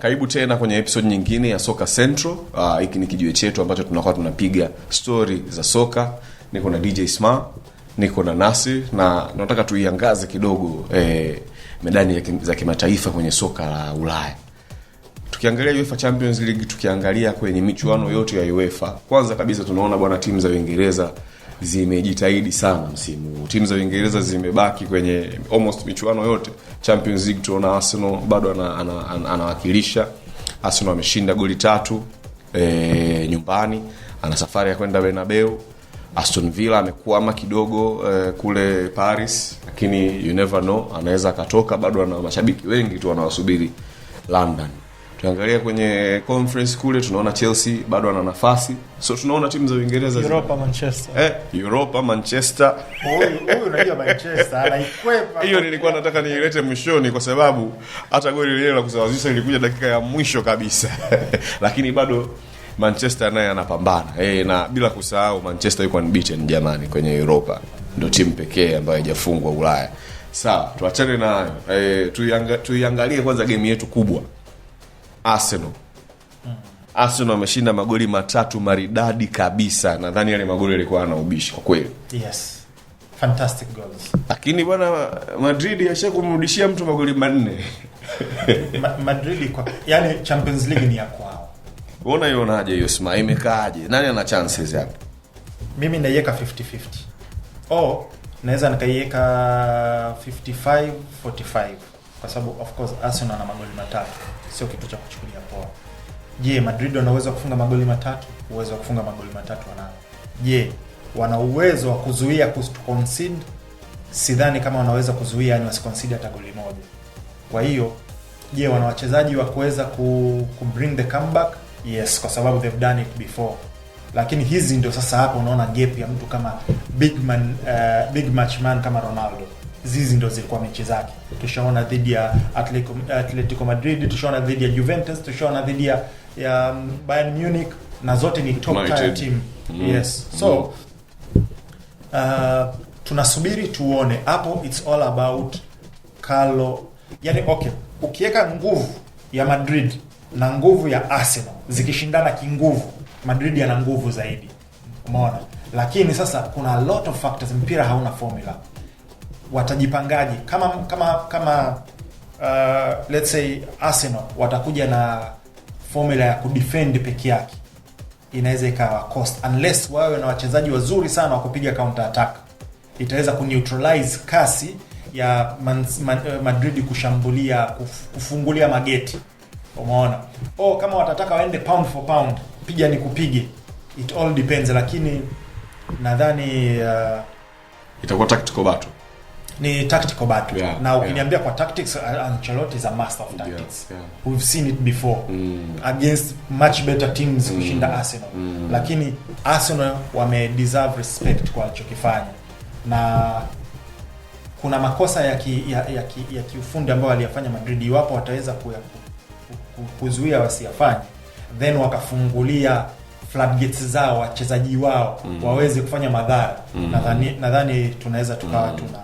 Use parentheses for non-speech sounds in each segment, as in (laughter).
Karibu tena kwenye episode nyingine ya Soka Central. Ah, hiki ni kijue chetu ambacho tunakuwa tunapiga stori za soka. Niko na DJ Sma, niko na Nasi na nataka tuiangaze kidogo eh, medani kim, za kimataifa kwenye soka la Ulaya. Tukiangalia UEFA Champions League, tukiangalia kwenye michuano yote ya UEFA, kwanza kabisa tunaona bwana timu za Uingereza zimejitahidi sana msimu huu. Timu za Uingereza zimebaki kwenye almost michuano yote. Champions League tuona Arsenal bado anawakilisha ana, ana, ana Arsenal ameshinda goli tatu e, nyumbani, ana safari ya kwenda Bernabeu. Aston Villa amekwama kidogo e, kule Paris, lakini you never know, anaweza akatoka. Bado ana mashabiki wengi tu wanawasubiri London tuangalia kwenye conference kule tunaona chelsea bado ana nafasi so tunaona timu za uingereza europa manchester eh, europa manchester hiyo nilikuwa nataka niilete mwishoni kwa sababu hata goli lile la kusawazisha ilikuja dakika ya mwisho kabisa (laughs) lakini bado manchester naye anapambana e, na bila kusahau manchester yuko unbeaten jamani kwenye europa ndo timu pekee ambayo haijafungwa ulaya sawa tuachane nayo e, eh, tuiangalie kwanza gemu yetu kubwa Arsenal. Arsenal ameshinda magoli matatu maridadi kabisa, nadhani yale magoli yalikuwa yana kwa kweli. Yes. Fantastic goals. Lakini bwana Madrid yasha kumrudishia mtu magoli manne. (laughs) Ma Madrid kwa yani Champions League ni ya kwao. Unaona ionaje hiyo sma imekaaje? Nani ana chances hapo? Mimi naiweka 50-50. Oh, naweza nikaiweka 55 45 kwa sababu of course Arsenal ana magoli matatu sio kitu cha kuchukulia poa. Je, Madrid wana uwezo wa kufunga magoli matatu? Uwezo wa kufunga magoli matatu wanao. Je, wana uwezo wa kuzuia kuconcede? Sidhani kama wanaweza kuzuia, yani wasiconcede hata goli moja. Kwa hiyo, je, wana wachezaji wa kuweza ku, ku bring the comeback? Yes, kwa sababu they've done it before. Lakini hizi ndio sasa, hapo unaona gap ya mtu kama big man, uh, big match man kama Ronaldo zizi ndo zilikuwa mechi zake. Tushaona dhidi ya Atletico, Atletico Madrid, tushaona dhidi ya Juventus, tushaona dhidi ya, ya um, Bayern Munich na zote ni top tier team. Mm. Yes. So mm-hmm. uh, tunasubiri tuone hapo, it's all about Carlo. Yani okay, ukiweka nguvu ya Madrid na nguvu ya Arsenal zikishindana kinguvu, Madrid yana nguvu zaidi, umeona. Lakini sasa kuna a lot of factors, mpira hauna formula watajipangaje kama kama kama uh, let's say Arsenal watakuja na formula ya kudefend peke yake inaweza ikawa cost unless wawe na wachezaji wazuri sana wa kupiga counter attack, itaweza kuneutralize kasi ya Man, Man, uh, Madrid kushambulia kuf, kufungulia mageti. Umeona? Oh, kama watataka waende pound for pound, piga ni kupige, it all depends, lakini nadhani uh, itakuwa tactical battle ni tactical battle yeah, na ukiniambia yeah. kwa tactics uh, Ancelotti is a master of tactics yeah, yeah. we've seen it before mm. against much better teams mm. kushinda Arsenal mm. lakini Arsenal wame deserve respect kwa alichokifanya na kuna makosa ya ki, ya, ya, ki, ya kiufundi ambayo waliyafanya Madrid iwapo wataweza kuya, ku, ku, kuzuia wasiyafanye then wakafungulia floodgates zao wachezaji wao mm. waweze kufanya madhara mm. nadhani nadhani tunaweza tukawa mm. tuna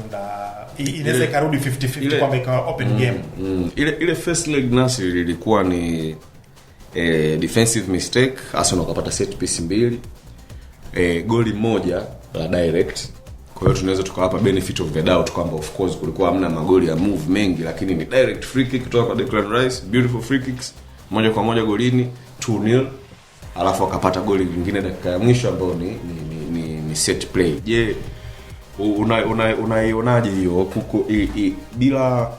kufunga inaweza ikarudi 50 kwamba ikawa open mm, game mm. Ile, ile first leg nasi ilikuwa ni eh, defensive mistake hasa wakapata set piece mbili eh, goli moja la direct kwa hiyo tunaweza tukawapa benefit of the doubt kwamba of course kulikuwa hamna magoli ya move mengi lakini ni direct free kick kutoka kwa Declan Rice beautiful free kicks moja kwa moja golini 2-0 alafu akapata goli lingine dakika ya mwisho ambayo ni, ni, ni, ni, ni set play je yeah unaionaje una, una hiyo kuko i, i, bila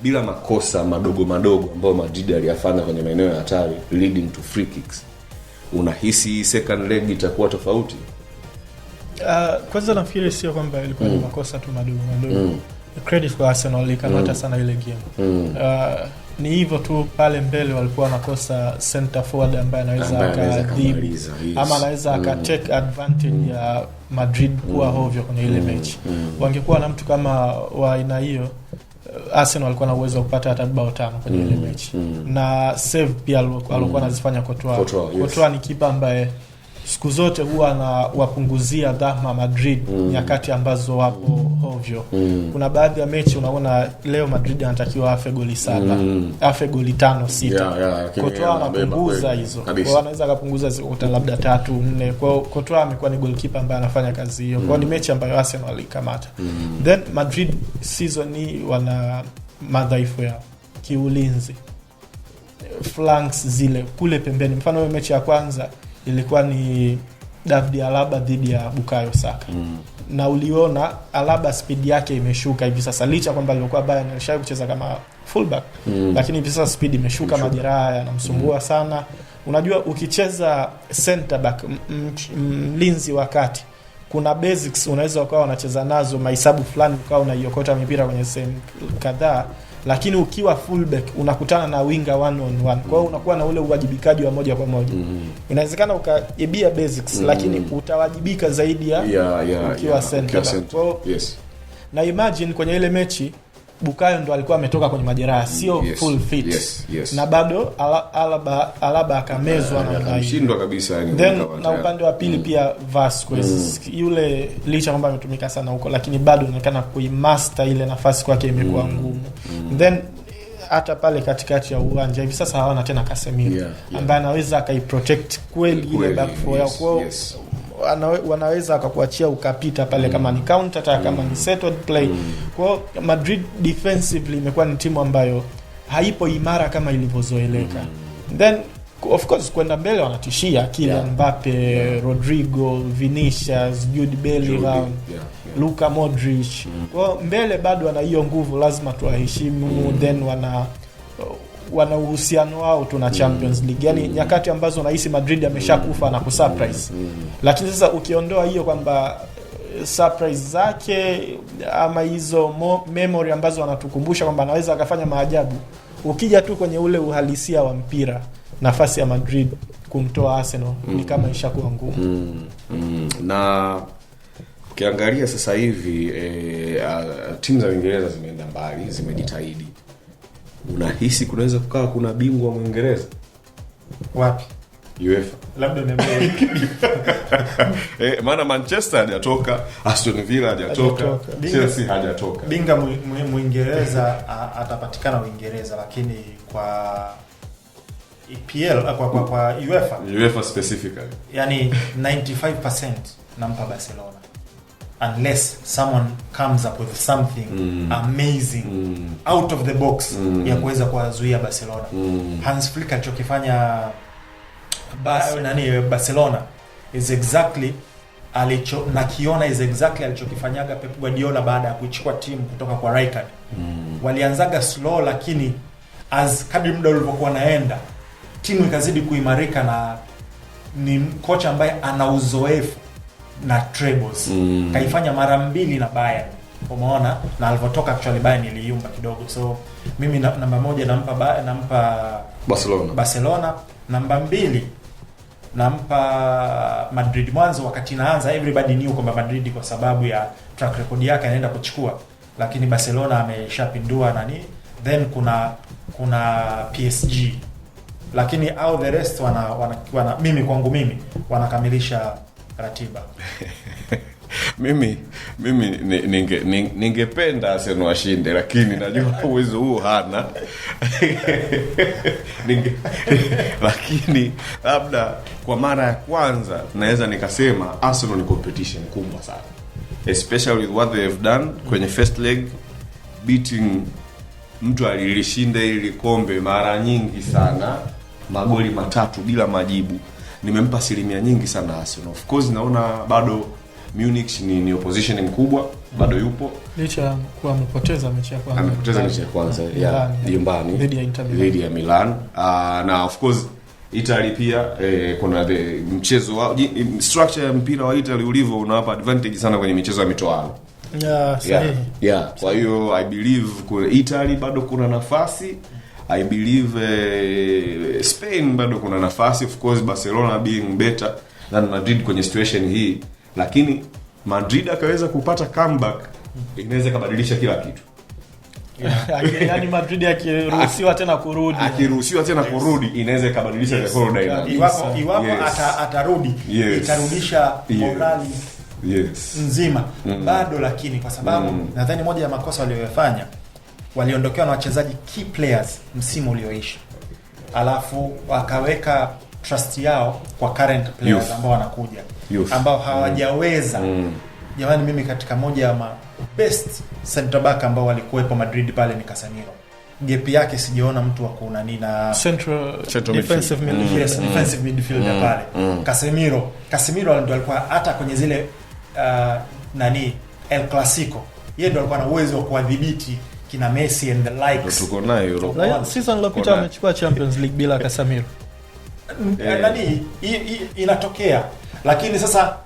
bila makosa madogo madogo ambayo Madrid aliyafanya kwenye maeneo ya hatari leading to free kicks, unahisi second leg itakuwa tofauti? Uh, kwanza nafikiri sio kwamba ilikuwa mm. makosa tu madogo madogo mm. credit kwa Arsenal ikamata mm. sana ile game mm. uh, ni hivyo tu pale mbele walikuwa nakosa center forward ambaye anaweza akadhibi ama anaweza aka mm. take advantage mm. ya Madrid kuwa mm. hovyo kwenye ile mm. mechi mm. wangekuwa na mtu kama wa aina hiyo eh, Arsenal alikuwa na uwezo wa kupata hata bao tano kwenye mm. ile mechi mm. na save pia alikuwa mm. anazifanya mm. Courtois. yes. ni kipa ambaye siku zote huwa anawapunguzia dhama Madrid mm. nyakati ambazo wapo hovyo mm. kuna baadhi ya mechi unaona leo Madrid anatakiwa afe goli saba mm. afe goli tano sit yeah, yeah, Kotoa anapunguza hizo kwao, anaweza akapunguza zikuta labda tatu nne kwao. Kotoa amekuwa ni golkipa ambaye anafanya kazi hiyo mm. kwao ni mechi ambayo asen walikamata mm. then Madrid season hii wana madhaifu ya kiulinzi, flanks zile kule pembeni, mfano hiyo mechi ya kwanza ilikuwa ni David Alaba dhidi ya Bukayo Saka mm. na uliona Alaba speed yake imeshuka hivi sasa, licha kwamba alikuwa Bayern alishawahi kucheza kama fullback mm. lakini hivi sasa speed imeshuka, majeraha yanamsumbua mm. sana. Unajua, ukicheza center back mlinzi wa kati, kuna basics unaweza ukawa unacheza nazo, mahesabu fulani ukawa unaiokota mipira kwenye sehemu kadhaa lakini ukiwa fullback unakutana na winga one on one, kwa hiyo unakuwa na ule uwajibikaji wa moja kwa moja. Mm-hmm. Inawezekana ukaibia eh, basics, mm-hmm. lakini utawajibika zaidi ya ukiwa center. Kwa yes. na imagine kwenye ile mechi Bukayo ndo alikuwa ametoka kwenye majeraha, sio yes, full fit yes, yes. Na bado Alaba Alaba akamezwa na kabisa yani, then na upande wa pili mm. pia Vasquez mm. yule licha kwamba ametumika sana huko, lakini bado inaonekana kuimaster ile nafasi kwake imekuwa mm. ngumu mm. mm. then hata pale katikati ya uwanja hivi sasa hawana tena Casemiro yeah, yeah. ambaye anaweza akaiprotect kweli ile back four yes, yao yes wanaweza wakakuachia ukapita pale mm. kama ni counter attack kama ni settled play mm. kwao. Madrid defensively imekuwa ni timu ambayo haipo imara kama ilivyozoeleka mm. then of course kwenda mbele wanatishia Kylian yeah. Mbappe yeah. Rodrigo, Vinicius, Jude Bellingham yeah. yeah. Luka Modric mm. kwao mbele bado wana hiyo nguvu, lazima tuwaheshimu mm. then wana wana uhusiano wao tu na Champions mm. League, yani mm. nyakati ambazo unahisi Madrid ameshakufa na kusurprise. Mm. Lakini sasa ukiondoa hiyo kwamba eh, surprise zake ama hizo memory ambazo wanatukumbusha kwamba anaweza akafanya maajabu, ukija tu kwenye ule uhalisia wa mpira, nafasi ya Madrid kumtoa Arsenal mm. ni kama ishakuwa ngumu mm. mm. na ukiangalia sasa hivi e, timu za Uingereza zimeenda mbali, zimejitahidi Unahisi kunaweza kukawa kuna bingwa Mwingereza wapi? UEFA labda niambie. (laughs) Eh, maana Manchester hajatoka, Aston Villa hajatoka, Chelsea hajatoka. Binga Mwingereza atapatikana Uingereza, lakini kwa EPL kwa kwa, kwa UEFA UEFA specifically, yani 95% nampa Barcelona unless someone comes up with something mm. amazing mm. out of the box mm. ya kuweza kuwazuia Barcelona mm. Hans Flick alichokifanya ba, nani Barcelona is exactly alicho nakiona is exactly alichokifanyaga Pep Guardiola baada ya kuichukua timu kutoka kwa Rijkaard mm. walianzaga slow, lakini as kadri muda ulivyokuwa naenda timu ikazidi kuimarika na ni kocha ambaye ana uzoefu na trebles mm. kaifanya mara mbili na Bayern umeona, na alivyotoka actually Bayern iliyumba kidogo, so mimi na, namba moja nampa ba, nampa Barcelona Barcelona, namba mbili nampa Madrid. Mwanzo wakati inaanza everybody knew kwamba Madrid kwa sababu ya track record yake anaenda kuchukua, lakini Barcelona ameshapindua nani, then kuna kuna PSG, lakini au the rest wana, wana, wana mimi kwangu mimi wanakamilisha ratiba (laughs) mimi mimi ningependa ninge, ninge Arsenal washinde, lakini najua (laughs) uwezo huo hana (laughs) ninge, lakini labda kwa mara ya kwanza naweza nikasema Arsenal ni competition kubwa sana, especially with what they have done kwenye first leg beating mtu alilishinda ili kombe mara nyingi sana magoli matatu bila majibu nimempa asilimia nyingi sana Arsenal. Of course naona bado Munich ni, ni opposition mkubwa bado mm. yupo licha kuwa amepoteza mechi ya kwanza, amepoteza mechi ya kwanza ya nyumbani dhidi ya Milan uh, na of course Italy pia eh, kuna the mchezo wa structure ya mpira wa Italy ulivyo unawapa advantage sana kwenye michezo ya mitoano yeah, yeah, yeah. Kwa hiyo I believe kwa Italy bado kuna nafasi mm. I believe uh, Spain bado kuna nafasi of course, Barcelona being better than Madrid kwenye situation hii, lakini Madrid akaweza kupata comeback, inaweza ikabadilisha kila kitu yaani (laughs) Madrid akiruhusiwa tena kurudi akiruhusiwa tena kurudi inaweza ikabadilisha the whole dynamic iwapo iwapo atarudi itarudisha morali yes. nzima mm. bado lakini kwa sababu mm. nadhani moja ya makosa waliyofanya waliondokewa na wachezaji key players msimu ulioisha, alafu wakaweka trust yao kwa current players ambao wanakuja ambao mm. hawajaweza mm. Jamani, mimi katika moja ya mabest ambao walikuwepo Madrid pale ni kasamiro gepi yake sijaona mtu wa kuunani na mm. Mm. pale kasemiro kasemiro ndo alikuwa hata kwenye zile uh, nani El Clasico, yeye ndo alikuwa na uwezo wa kuwadhibiti kina Messi and the likes tuko naye Europe. season iliyopita amechukua Champions League bila Casemiro. Eh, eh. Nani inatokea, lakini sasa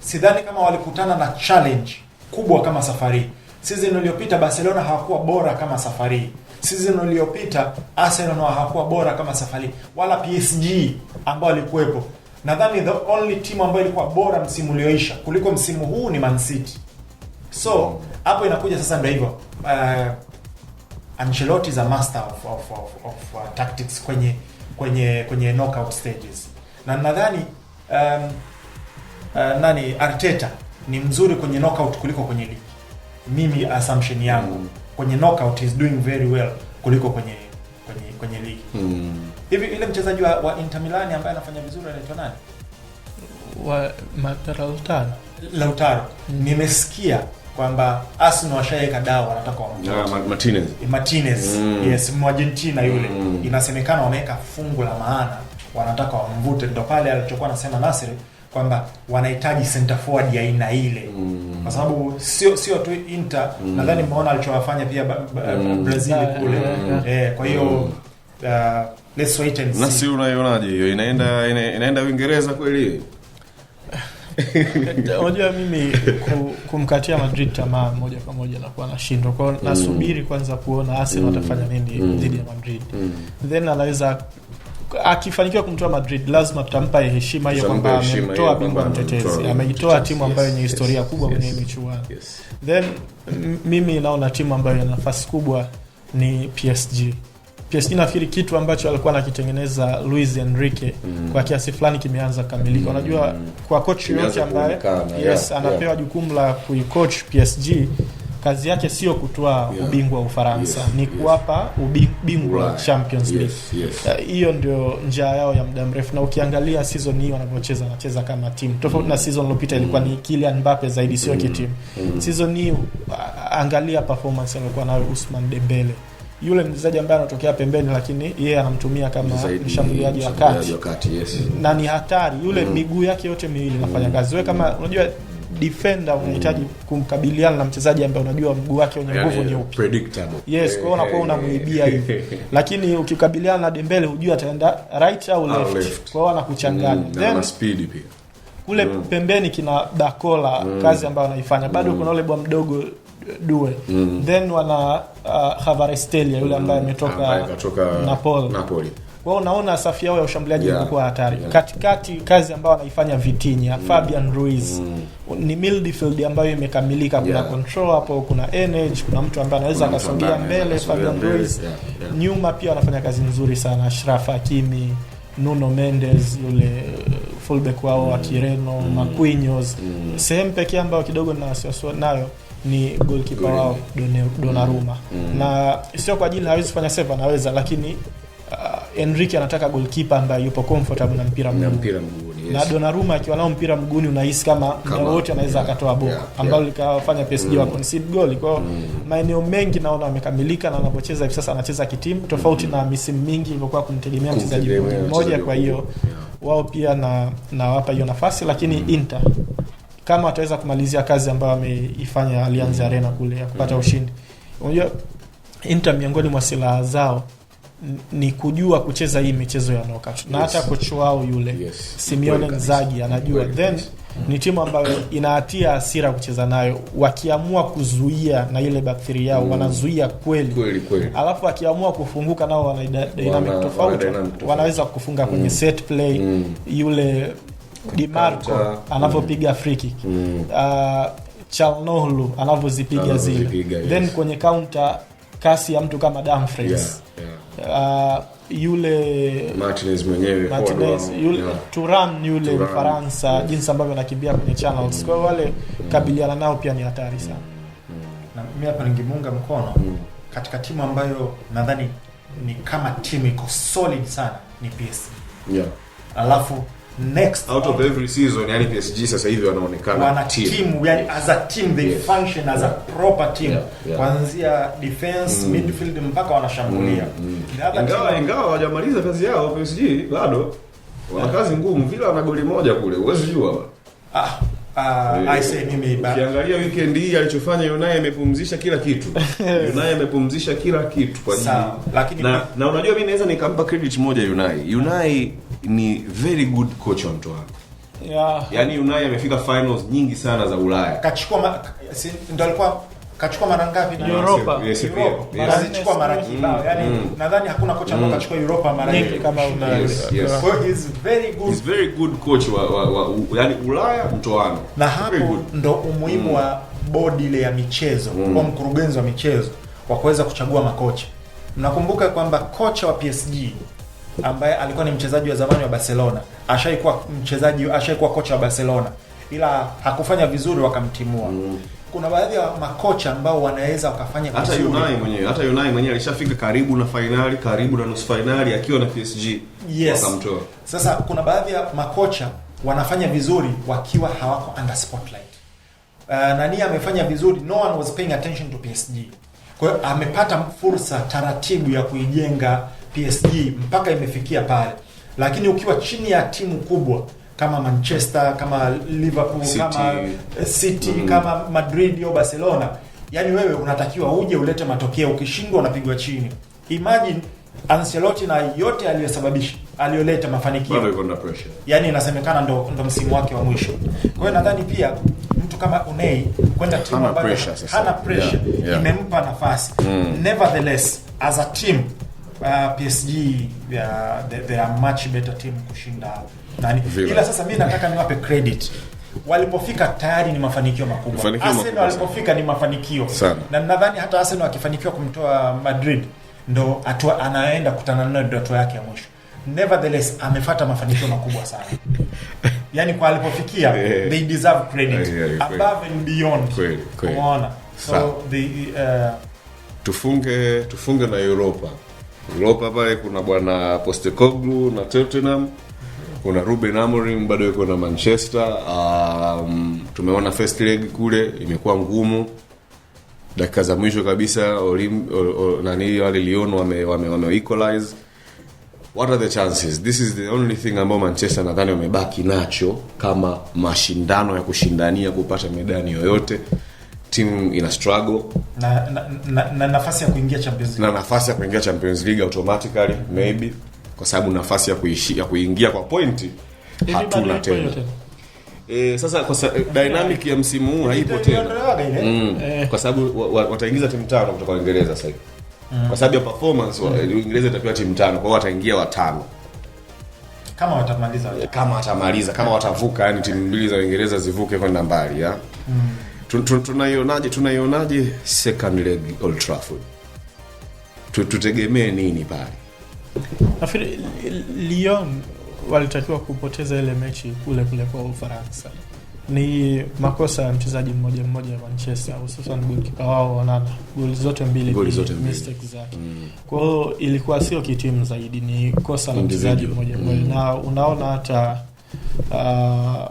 sidhani kama walikutana na challenge kubwa kama safari. Season iliyopita Barcelona hawakuwa bora kama safari. Season iliyopita Arsenal hawakuwa bora kama safari, wala PSG ambao walikuwepo. Nadhani the only team ambayo ilikuwa bora msimu ulioisha kuliko msimu huu ni Man City. So hapo inakuja sasa, ndio hivyo uh, Ancelotti za master of, of, of, of uh, tactics kwenye kwenye kwenye knockout stages, na nadhani um, uh, nani Arteta ni mzuri kwenye knockout kuliko kwenye ligi. Mimi assumption yangu mm. kwenye knockout is doing very well kuliko kwenye kwenye kwenye ligi mm. hivi ile mchezaji wa, wa Inter Milan ambaye anafanya vizuri anaitwa nani wa Mataraltano Lautaro mm. nimesikia kwamba Arsenal washaweka dawa wanataka wa yeah, Martinez eh, Martinez mm. yes Argentina yule mm. inasemekana wameweka fungu la maana wanataka wamvute, ndo pale alichokuwa anasema Nasri kwamba wanahitaji center forward ya aina ile mm. kwa sababu sio sio tu Inter mm. nadhani mmeona alichowafanya pia ba, ba, mm. Brazil mm. kule mm. eh, kwa hiyo mm. uh, let's wait and see. Nasri unaionaje hiyo inaenda ina, inaenda Uingereza kweli? (laughs) Unajua mimi kumkatia Madrid tamaa moja kwa moja nakuwa nashindwa kwao, nasubiri kwanza kuona Arsenal mm. atafanya nini mm. dhidi ya Madrid, mm. then anaweza akifanikiwa kumtoa Madrid lazima tutampa heshima hiyo kwamba amemtoa bingwa mtetezi, ameitoa timu ambayo yenye historia kubwa kwenye michuano. Then mimi naona timu ambayo ina nafasi kubwa ni PSG. PSG nafikiri kitu ambacho alikuwa anakitengeneza Luis Enrique mm. kwa kiasi fulani kimeanza kukamilika mm. kwa coach yote ambaye yes yeah, anapewa yeah. jukumu la kuicoach PSG kazi yake sio kutoa yeah. ubingwa wa Ufaransa yes, ni kuwapa ubingwa wa Champions League yes. yes, eh, hiyo uh, ndio njia yao ya muda mrefu, na ukiangalia season hii wanavyocheza, wanacheza kama timu tofauti mm. na season iliyopita ilikuwa mm. ni Kylian Mbappe zaidi, sio mm. kitimu mm. season hii, angalia performance aliyokuwa nayo Ousmane Dembele yule mchezaji ambaye anatokea pembeni, lakini yeye anamtumia kama mshambuliaji wa kati yes. na ni hatari yule mm. miguu yake yote miwili inafanya kazi wewe kama unajua defender unahitaji mm. kumkabiliana na mchezaji ambaye unajua mguu wake wenye nguvu nyeupe, yes, kwa hiyo unakuwa unamuibia hivi, (laughs) lakini ukikabiliana na Dembele hujui ataenda right au ah, left, left. kwa hiyo anakuchanganya mm, then speed pia kule mm. pembeni kina dakola mm. kazi ambayo anaifanya bado mm. kuna ule bwa mdogo Due mm. Then wana uh, Kvaratskhelia yule mm. ambaye ametoka Napoli. Napoli. Kwa hiyo unaona safu yao ya ushambuliaji yeah. ilikuwa hatari yeah. Katikati kazi ambayo anaifanya vitinya mm. Fabian Ruiz mm. ni midfield ambayo imekamilika. Kuna yeah. control hapo, kuna energy, kuna mtu ambaye anaweza akasongea mbele. Fabian mbele. Ruiz yeah. Yeah. nyuma pia wanafanya kazi nzuri sana. shraf Hakimi, Nuno Mendes yule fulbek wao wa Kireno mm. mm. maquinos mm. sehemu pekee ambayo kidogo na wasiwasi nayo ni goalkeeper wao Donnarumma mm. mm. na sio kwa ajili hawezi kufanya save, anaweza lakini uh, Enrique anataka goalkeeper ambaye yupo comfortable na mpira mguu na Donnarumma akiwa nao mpira mguuni unahisi kama muda wote anaweza akatoa boka yeah, yeah, ambalo likawafanya PSG mm, wa concede goal kwao mm. Maeneo mengi naona wamekamilika na wanapocheza hivi sasa anacheza kitimu tofauti mm, na misimu mingi ilivyokuwa kumtegemea mchezaji mmoja. Kwa hiyo yeah, wao pia na nawapa hiyo nafasi lakini mm, Inter kama wataweza kumalizia kazi ambayo ameifanya Allianz Arena kule ya kupata mm. ushindi. Unajua Inter miongoni mwa silaha zao ni kujua kucheza hii michezo ya knockout na hata yes. wao yule yes. Simeone Inzaghi anajua then ni timu ambayo inahatia asira kucheza nayo, wakiamua kuzuia na ile bakteria yao mm. wanazuia kweli kweli kweli, alafu wakiamua kufunguka nao wana dynamic tofauti, wanaweza kufunga kwenye mm. set play mm. yule dimarco mm. anavyopiga friki mm. uh, ah, Chalnohlu anavyozipiga zile then yes. kwenye kaunta kasi ya mtu kama Dumfries yeah, yeah. Uh, yule Martinez mwenyewe Martinez yule yeah. Turan yule Mfaransa yes. jinsi ambavyo anakimbia kwenye channels mm. kwao wale mm. kabiliana nao pia ni hatari sana mm. na mimi hapa ningemuunga mkono mm. katika timu ambayo nadhani ni kama timu iko solid sana ni PSG yeah. alafu next out of every season, yani PSG sasa hivi wanaonekana wana team, team yani as a team they yes. function as yeah. a proper team yeah. Yeah. kuanzia defense mm. midfield mpaka wanashambulia mm. mm. ingawa ingawa hawajamaliza kazi yao PSG bado wana yeah. kazi ngumu. vile wana goli moja kule, huwezi jua ah. Uh, I say mimi ba. ukiangalia weekend hii alichofanya Unai amepumzisha kila kitu. (laughs) Unai amepumzisha kila kitu kwa ajili. Lakini na, na unajua mimi naweza nikampa credit moja Unai. Unai ni very good coach wa mtu wako. Yeah. Yaani Unai amefika finals nyingi sana za Ulaya. Kachukua ma- ndo alikuwa kachukua mara ngapi na Europa? Yes, Europa. Yes. Alichukua mara kibao. Mm. Yaani mm. nadhani hakuna kocha ambaye mm. kachukua Europa mara nyingi kama Unai. Yes, yes. So he's very good. He's very good coach wa, wa, wa u, yaani Ulaya mtoano. Na hapo ndo umuhimu mm. wa bodi ile ya michezo mm. kwa mkurugenzi wa michezo wa kuweza kuchagua makocha. Mnakumbuka kwamba kocha wa PSG ambaye alikuwa ni mchezaji wa zamani wa Barcelona, ashaikuwa mchezaji, ashaikuwa kocha wa Barcelona, ila hakufanya vizuri, wakamtimua mm. Kuna baadhi ya makocha ambao wanaweza wakafanya hata Unai mwenyewe, hata Unai mwenyewe alishafika karibu na fainali, karibu na nusu fainali akiwa na PSG, yes. Wakamtoa. Sasa kuna baadhi ya makocha wanafanya vizuri wakiwa hawako under spotlight. Uh, nani amefanya vizuri, no one was paying attention to PSG kwa hiyo amepata fursa taratibu ya kuijenga PSG mpaka imefikia pale, lakini ukiwa chini ya timu kubwa kama Manchester, kama Liverpool, City, kama eh, City mm, kama Madrid au Barcelona, yani wewe unatakiwa uje ulete matokeo. Ukishindwa unapigwa chini. Imagine Ancelotti na yote aliyosababisha aliyoleta mafanikio. Yaani inasemekana ndo, ndo msimu wake wa mwisho. Kwa hiyo nadhani pia mtu kama unei kwenda timu hana pressure, hana pressure yeah, yeah. Imempa nafasi mm. Nevertheless as a team uh, PSG uh, they, they are much better team kushinda nani, ila sasa mi nataka niwape credit walipofika tayari ni mafanikio makubwa. Arsenal walipofika ni mafanikio sana, na nadhani hata Arsenal akifanikiwa kumtoa Madrid ndo atua, anaenda kutana nayo ndoto yake ya mwisho nevertheless amefata mafanikio makubwa sana (laughs) yani kwa alipofikia eh. they deserve credit eh, above and beyond umeona so the uh, tufunge tufunge na Europa Europa pale kuna bwana Postecoglou na Tottenham kuna Ruben Amorim bado yuko na Manchester. Um, tumeona first leg kule imekuwa ngumu, dakika za mwisho kabisa olim, ol, ol, nani wale Lyon wame, wame, wame equalize what are the chances this is the only thing ambayo manchester nadhani wamebaki nacho kama mashindano ya kushindania kupata medani yoyote timu ina struggle na, na, na, na nafasi ya kuingia champions league. na nafasi ya kuingia champions league automatically maybe kwa sababu nafasi ya, kuishi, ya kuingia kwa point hatuna tena E, sasa kwa sa, eh, dynamic ya msimu huu haipo tena mm, eh. kwa sababu wataingiza wa, wa timu tano kutoka uingereza sasa kwa sababu ya performance mm. Uingereza itapewa timu tano, kwa hiyo wataingia watano kama watamaliza kama watamaliza kama watavuka, yani timu mbili za Uingereza zivuke kwenda mbali ya mm. tunaionaje? Tunaionaje second leg Old Trafford? Tutegemee nini pale? Nafikiri Lyon walitakiwa kupoteza ile mechi kule kule kwa Ufaransa ni makosa ya mchezaji mmoja mmoja wa Manchester hususan golikipa wao Onana, goli zote mbili mistake zake mm. Kwa hiyo ilikuwa sio kitimu zaidi, ni kosa la mchezaji mmoja mm. mmoja mm. na unaona hata uh,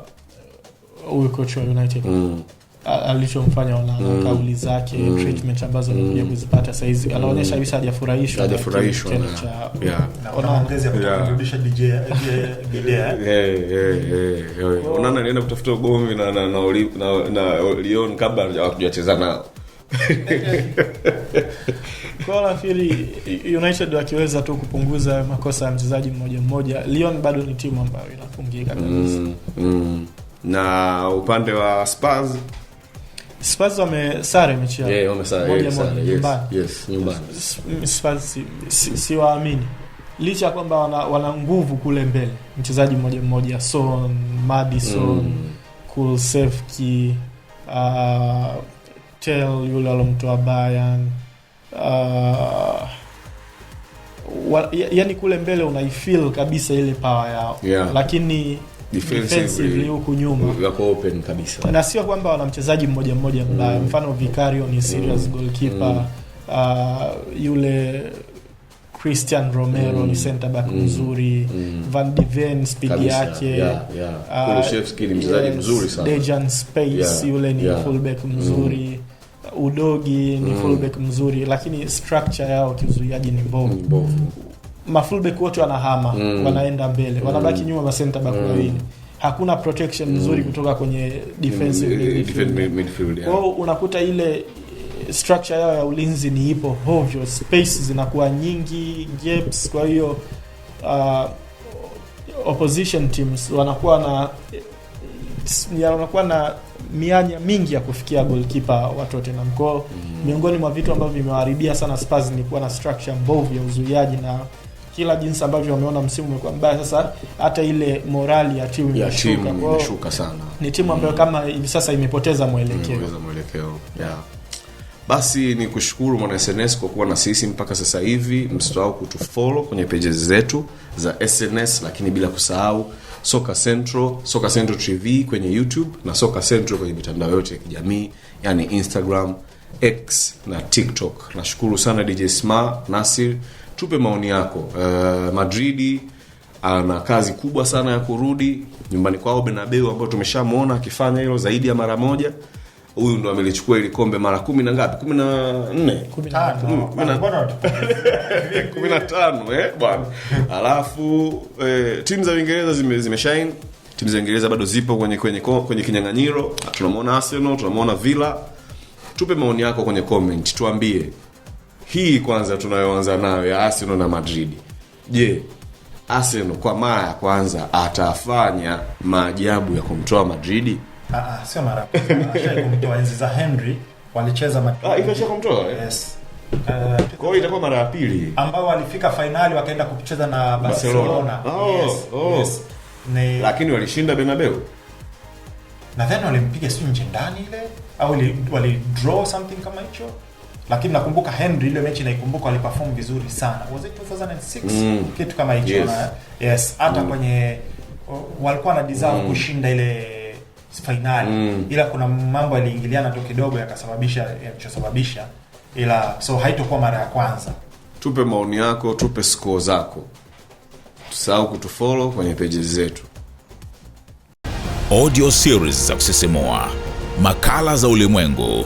huyu uh, kocha wa United mm alichomfanya Onana mm. kauli zake mm. treatment ambazo mm. amekuja mm. kuzipata saa hizi anaonyesha kabisa hajafurahishwa hajafurahishwa na cha Onana (laughs) oh. alienda kutafuta ugomvi na na na, na, na Lyon kabla hawajacheza nao (laughs) kwa nafikiri United wakiweza tu kupunguza makosa ya mchezaji mmoja mmoja, Lyon bado ni timu ambayo inafungika kabisa mm, mm. na upande wa Spurs Spurs wame sare mechi yao. wame sare. Yes. Yes, nyumbani. si, si waamini. Licha ya kwamba wana, wana nguvu kule mbele. Mchezaji mmoja mmoja Son, Madison, mm. Kulusevski, uh, ah, Tel yule alomtoa Bayern. Uh, wa, yani kule mbele unaifeel kabisa ile power yao. Yeah. Lakini defensively huko nyuma wako open kabisa, na sio kwamba wana mchezaji mmoja mmoja mbaya. Mm. Mfano Vicario ni serious mm. goalkeeper. mm. Uh, yule Christian Romero mm. ni center back mm. mzuri mm. Van de Diven spidi yake yeah, yeah. Ah, Kulusevski ni mchezaji mzuri sana. Dejan Space yeah, yule ni yeah. fullback mm. mzuri mm. Udogi ni mm. fullback mzuri, lakini structure yao kiuzuiaji ni mbovu mm mafullback wote wanahama mm. wanaenda mbele mm. wanabaki nyuma ma center back mm. wawili mm. hakuna protection nzuri mm. kutoka kwenye defensive mm. Eh, midfield, midfield yeah. kwao unakuta ile eh, structure yao ya ulinzi ni ipo hovyo, space zinakuwa nyingi gaps, kwa hiyo uh, opposition teams wanakuwa na eh, ya wanakuwa na mianya mingi ya kufikia goalkeeper wa Tottenham. Kwa mm. miongoni mwa vitu ambavyo vimewaharibia sana Spurs ni kuwa na structure mbovu ya uzuiaji na kila jinsi ambavyo wameona msimu umekuwa mbaya, sasa hata ile morali ya timu imeshuka, imeshuka sana. Ni timu ambayo mm. kama hivi sasa imepoteza mwelekeo, imepoteza mwelekeo yeah. Basi ni kushukuru mwana SNS kwa kuwa na sisi mpaka sasa hivi. Msisahau kutufollow kwenye pages zetu za SNS, lakini bila kusahau Soka Central, Soka Central TV kwenye YouTube na Soka Central kwenye mitandao yote ya kijamii, yani Instagram, X na TikTok. Nashukuru sana DJ Sma Nasir tupe maoni yako. Uh, Madridi ana kazi kubwa sana ya kurudi nyumbani kwao benabeu ambao tumeshamwona akifanya hilo zaidi ya mara moja. Huyu ndo amelichukua ili kombe mara kumi na ngapi? kumi na nne kumi na tano bwana. Alafu eh, timu za Uingereza zime, timu za Uingereza bado zipo kwenye kwenye, kwenye kinyang'anyiro. Tunamwona Arsenal, tunamwona Villa. Tupe maoni yako kwenye comment, tuambie hii kwanza tunayoanza nayo ya Arsenal na Madrid, je, Arsenal kwa mara ya kwanza atafanya maajabu ya kumtoa Madrid? Ah, ah sio mara kumtoa enzi za Henry walicheza ah, kumtoa eh? yes. Uh, kwa hiyo itakuwa mara ya pili ambao walifika fainali wakaenda kucheza na Barcelona, Barcelona. Oh, yes, oh. Yes. Ne... lakini walishinda Bernabeu nadhani walimpiga sio nje ndani ile au wali draw something kama hicho lakini nakumbuka Henry ile mechi naikumbuka aliperform vizuri sana. Was it 2006? Mm. Kitu kama hicho. Yes. Yes, hata mm. kwenye walikuwa na deserve mm. kushinda ile finali mm. ila kuna mambo yaliingiliana tu kidogo yakasababisha yalichosababisha, ila so haitokuwa mara ya kwanza. Tupe maoni yako, tupe score zako, tusahau kutufollow kwenye pages zetu. Audio series za kusisimua, makala za ulimwengu